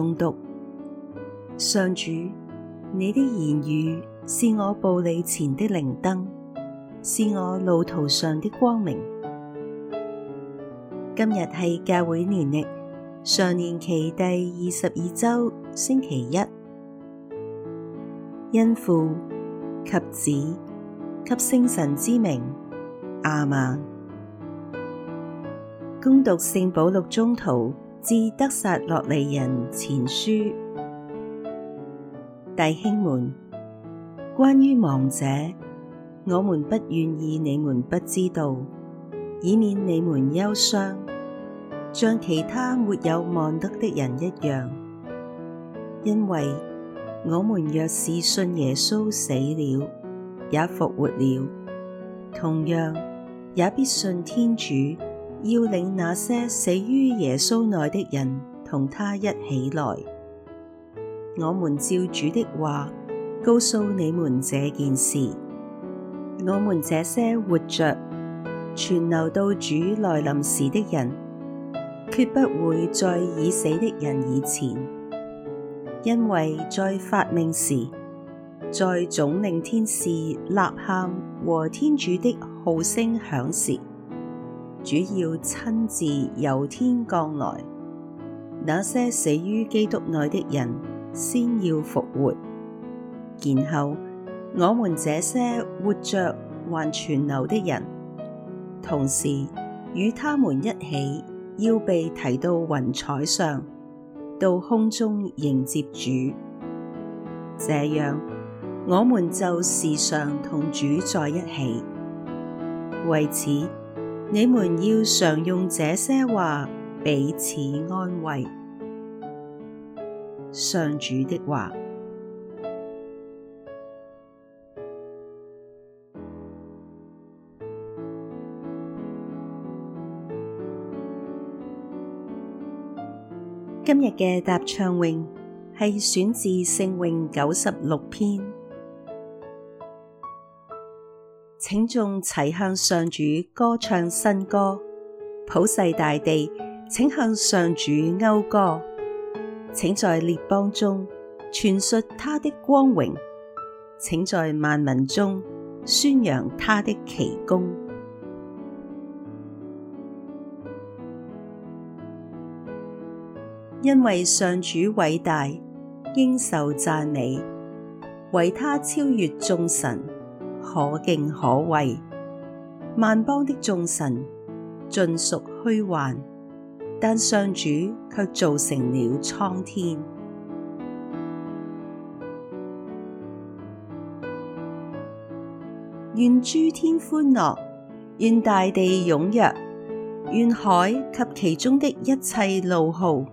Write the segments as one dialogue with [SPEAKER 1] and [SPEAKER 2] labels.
[SPEAKER 1] 誦讀，上主，你的言語是我步履前的靈燈，是我路途上的光明。今日係教會年曆常年期第二十二周星期一，因父及子及聖神之名阿瑪，恭讀聖保祿宗徒，致得撒洛尼人前書，弟兄們，關於亡者，我們不願意你們不知道，以免你們憂傷，像其他沒有望德的人一樣。因為我們若是信耶穌死了，也復活了，同樣也必信天主。要領那些死於耶穌內的人同他一起來。我們照主的話告訴你們這件事：我們這些活着、存留到主來臨時的人，決不會在已死的人以前，因為在發命時，在總領天使吶喊和天主的號聲響時。主要親自由天降來，那些死於基督內的人先要復活，然後我們這些活着還存留的人，同時與他們一起要被提到雲彩上，到空中迎接主。這樣，我們就時常同主在一起，為此。你們要常用這些話彼此安慰，上主的話。今日嘅答唱詠係選自聖詠九十六篇。請眾齊向上主歌唱新歌，普世大地，請向上主謳歌，請在列邦中傳述他的光榮，請在萬民中宣揚他的奇功，因為上主偉大，應受讚美，惟他超越眾神。可敬可畏，萬邦的眾神盡屬虛幻，但上主却造成了蒼天。願諸天歡樂，願大地踴躍，願海及其中的一切怒號，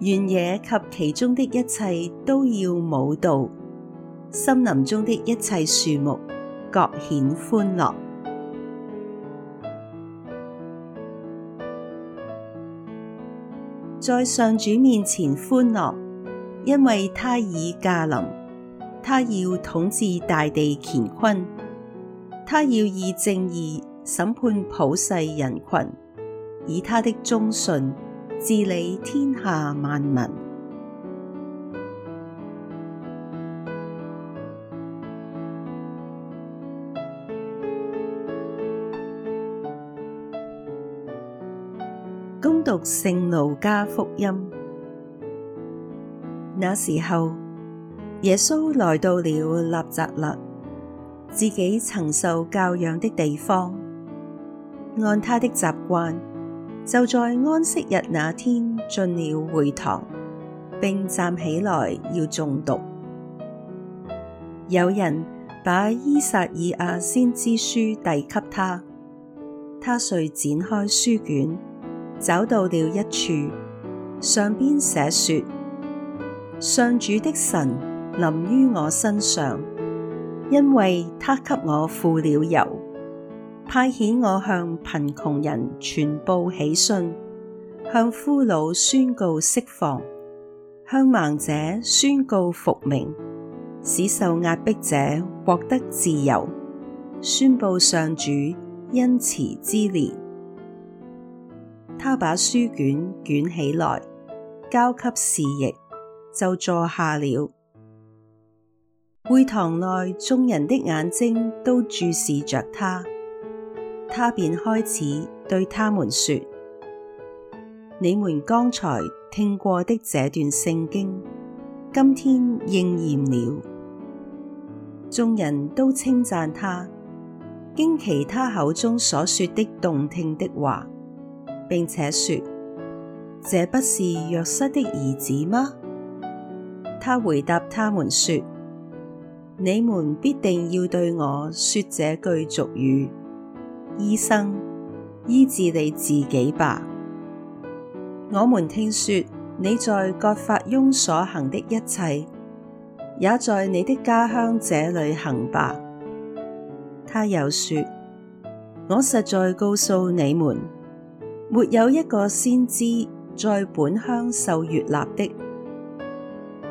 [SPEAKER 1] 原野及其中的一切都要舞蹈，森林中的一切樹木。各顯歡樂，在上主面前歡樂，因為他已駕臨，他要統治大地乾坤，他要以正義審判普世人群，以他的忠信治理天下萬民。讀聖路加福音。那時候，耶穌來到了納匝肋，自己曾受教養的地方，按他的習慣，就在安息日那天進了會堂，並站起來要誦讀。有人把依撒意亞先知書遞給他，他遂展開書卷。走到了一處，上邊寫說：上主的神臨於我身上，因為他給我傅了油，派遣我向貧窮人傳布喜訊，向俘虜宣告釋放，向盲者宣告復明，使受壓迫者獲得自由，宣布上主恩慈之年。他把書卷捲起來，交給侍役，就坐下了。會堂內眾人的眼睛都注視着他，他便開始對他們說：你們剛才聽過的這段聖經，今天應驗了。眾人都稱讚他，驚奇他口中所說的動聽的話。並且說，這不是若瑟的兒子嗎？他回答他們說：你們必定要對我說這句俗語，醫生醫治你自己吧。我們聽說你在葛法翁所行的一切，也在你的家鄉這裏行吧。他又說：我實在告訴你們。沒有一個先知在本鄉受悅納的。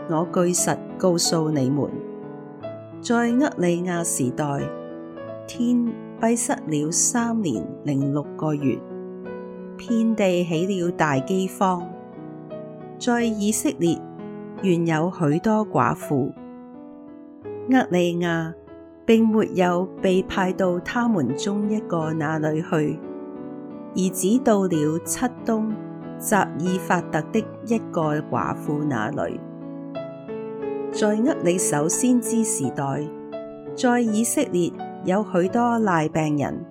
[SPEAKER 1] 我據實告訴你們，在厄里亞時代，天閉塞了三年零六個月，遍地起了大饑荒。在以色列原有許多寡婦，厄里亞並沒有被派到他們中一個那裏去。而只到了漆冬匝爾法特的一個寡婦那裏。在厄里叟先知時代，在以色列有許多癩病人，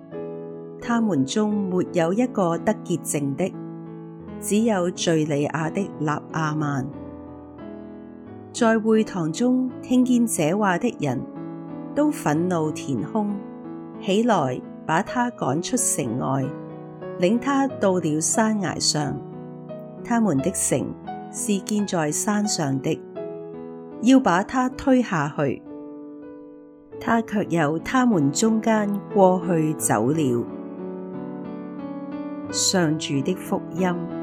[SPEAKER 1] 他們中沒有一個得潔淨的，只有敘利亞的納阿曼。在會堂中聽見這話的人都忿怒填胸，起來，把他趕出城外。領他到了山崖上，他們的城是建在山上的，要把他推下去，他卻由他們中間過去走了。上主的福音。